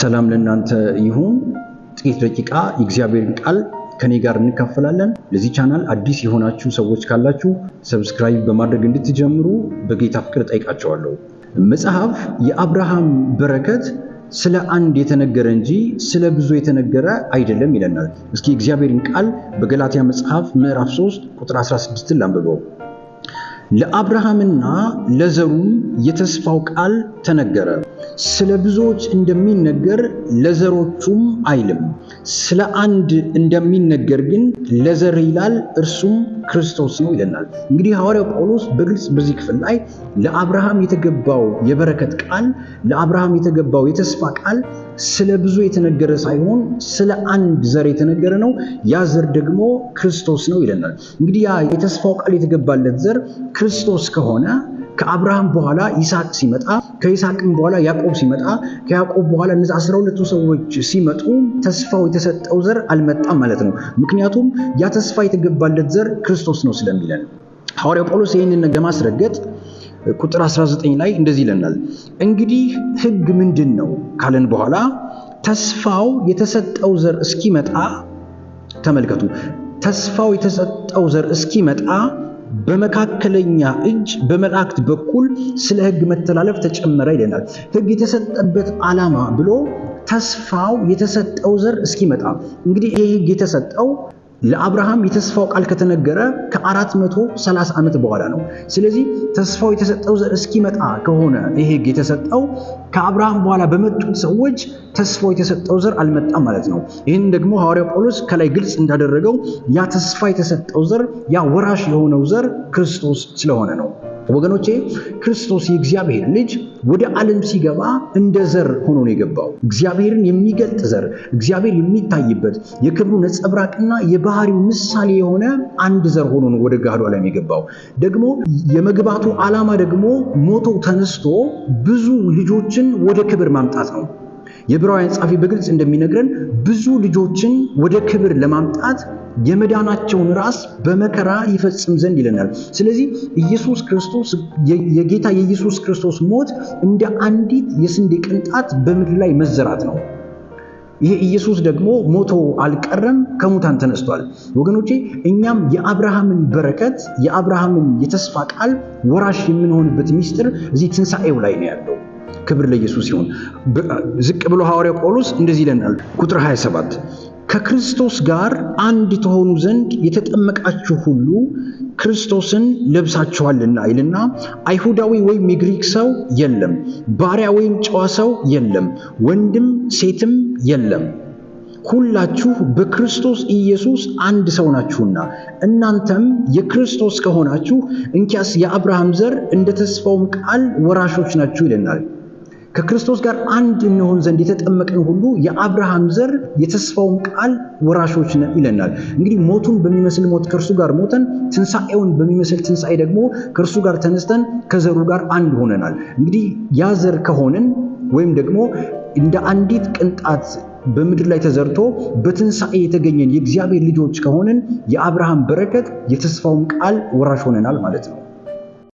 ሰላም ለእናንተ ይሁን። ጥቂት ደቂቃ የእግዚአብሔርን ቃል ከኔ ጋር እንካፈላለን። ለዚህ ቻናል አዲስ የሆናችሁ ሰዎች ካላችሁ ሰብስክራይብ በማድረግ እንድትጀምሩ በጌታ ፍቅር ጠይቃቸዋለሁ። መጽሐፍ የአብርሃም በረከት ስለ አንድ የተነገረ እንጂ ስለ ብዙ የተነገረ አይደለም ይለናል። እስኪ እግዚአብሔርን ቃል በገላትያ መጽሐፍ ምዕራፍ 3 ቁጥር 16 ላንብበው። ለአብርሃምና ለዘሩም የተስፋው ቃል ተነገረ ስለ ብዙዎች እንደሚነገር ለዘሮቹም አይልም፣ ስለ አንድ እንደሚነገር ግን ለዘር ይላል፣ እርሱም ክርስቶስ ነው ይለናል። እንግዲህ ሐዋርያው ጳውሎስ በግልጽ በዚህ ክፍል ላይ ለአብርሃም የተገባው የበረከት ቃል፣ ለአብርሃም የተገባው የተስፋ ቃል ስለ ብዙ የተነገረ ሳይሆን ስለ አንድ ዘር የተነገረ ነው፣ ያ ዘር ደግሞ ክርስቶስ ነው ይለናል። እንግዲህ ያ የተስፋው ቃል የተገባለት ዘር ክርስቶስ ከሆነ ከአብርሃም በኋላ ይስሐቅ ሲመጣ ከይስሐቅም በኋላ ያዕቆብ ሲመጣ ከያዕቆብ በኋላ እነዚህ አስራ ሁለቱ ሰዎች ሲመጡ ተስፋው የተሰጠው ዘር አልመጣም ማለት ነው። ምክንያቱም ያ ተስፋ የተገባለት ዘር ክርስቶስ ነው ስለሚለን ሐዋርያው ጳውሎስ ይህንን ለማስረገጥ ቁጥር 19 ላይ እንደዚህ ይለናል። እንግዲህ ሕግ ምንድን ነው ካለን በኋላ ተስፋው የተሰጠው ዘር እስኪመጣ ተመልከቱ፣ ተስፋው የተሰጠው ዘር እስኪመጣ በመካከለኛ እጅ በመላእክት በኩል ስለ ሕግ መተላለፍ ተጨመረ ይለናል። ሕግ የተሰጠበት ዓላማ ብሎ ተስፋው የተሰጠው ዘር እስኪመጣ እንግዲህ ይህ ሕግ የተሰጠው ለአብርሃም የተስፋው ቃል ከተነገረ ከ430 ዓመት በኋላ ነው። ስለዚህ ተስፋው የተሰጠው ዘር እስኪመጣ ከሆነ ይሄ ሕግ የተሰጠው ከአብርሃም በኋላ በመጡት ሰዎች ተስፋው የተሰጠው ዘር አልመጣም ማለት ነው። ይህን ደግሞ ሐዋርያው ጳውሎስ ከላይ ግልጽ እንዳደረገው ያ ተስፋ የተሰጠው ዘር ያ ወራሽ የሆነው ዘር ክርስቶስ ስለሆነ ነው። ወገኖቼ ክርስቶስ የእግዚአብሔር ልጅ ወደ ዓለም ሲገባ እንደ ዘር ሆኖ ነው የገባው። እግዚአብሔርን የሚገልጥ ዘር፣ እግዚአብሔር የሚታይበት የክብሩ ነጸብራቅና የባህሪው ምሳሌ የሆነ አንድ ዘር ሆኖ ነው ወደ ጋህዱ ዓለም የገባው። ደግሞ የመግባቱ ዓላማ ደግሞ ሞቶ ተነስቶ ብዙ ልጆችን ወደ ክብር ማምጣት ነው። የዕብራውያን ጸሐፊ በግልጽ እንደሚነግረን ብዙ ልጆችን ወደ ክብር ለማምጣት የመዳናቸውን ራስ በመከራ ይፈጽም ዘንድ ይለናል። ስለዚህ ኢየሱስ ክርስቶስ የጌታ የኢየሱስ ክርስቶስ ሞት እንደ አንዲት የስንዴ ቅንጣት በምድር ላይ መዘራት ነው። ይሄ ኢየሱስ ደግሞ ሞቶ አልቀረም፣ ከሙታን ተነስቷል። ወገኖቼ እኛም የአብርሃምን በረከት የአብርሃምን የተስፋ ቃል ወራሽ የምንሆንበት ሚስጥር እዚህ ትንሣኤው ላይ ነው ያለው። ክብር ለኢየሱስ ይሁን። ዝቅ ብሎ ሐዋርያው ጳውሎስ እንደዚህ ይለናል ቁጥር 27 ከክርስቶስ ጋር አንድ ተሆኑ ዘንድ የተጠመቃችሁ ሁሉ ክርስቶስን ለብሳችኋልና ይልና አይሁዳዊ ወይም የግሪክ ሰው የለም፣ ባሪያ ወይም ጨዋ ሰው የለም፣ ወንድም ሴትም የለም፣ ሁላችሁ በክርስቶስ ኢየሱስ አንድ ሰው ናችሁና። እናንተም የክርስቶስ ከሆናችሁ እንኪያስ የአብርሃም ዘር እንደ ተስፋውም ቃል ወራሾች ናችሁ ይለናል። ከክርስቶስ ጋር አንድ እንሆን ዘንድ የተጠመቀን ሁሉ የአብርሃም ዘር የተስፋውም ቃል ወራሾች ነን ይለናል። እንግዲህ ሞቱን በሚመስል ሞት ከእርሱ ጋር ሞተን ትንሣኤውን በሚመስል ትንሣኤ ደግሞ ከእርሱ ጋር ተነስተን ከዘሩ ጋር አንድ ሆነናል። እንግዲህ ያ ዘር ከሆንን ወይም ደግሞ እንደ አንዲት ቅንጣት በምድር ላይ ተዘርቶ በትንሣኤ የተገኘን የእግዚአብሔር ልጆች ከሆንን የአብርሃም በረከት የተስፋውም ቃል ወራሽ ሆነናል ማለት ነው።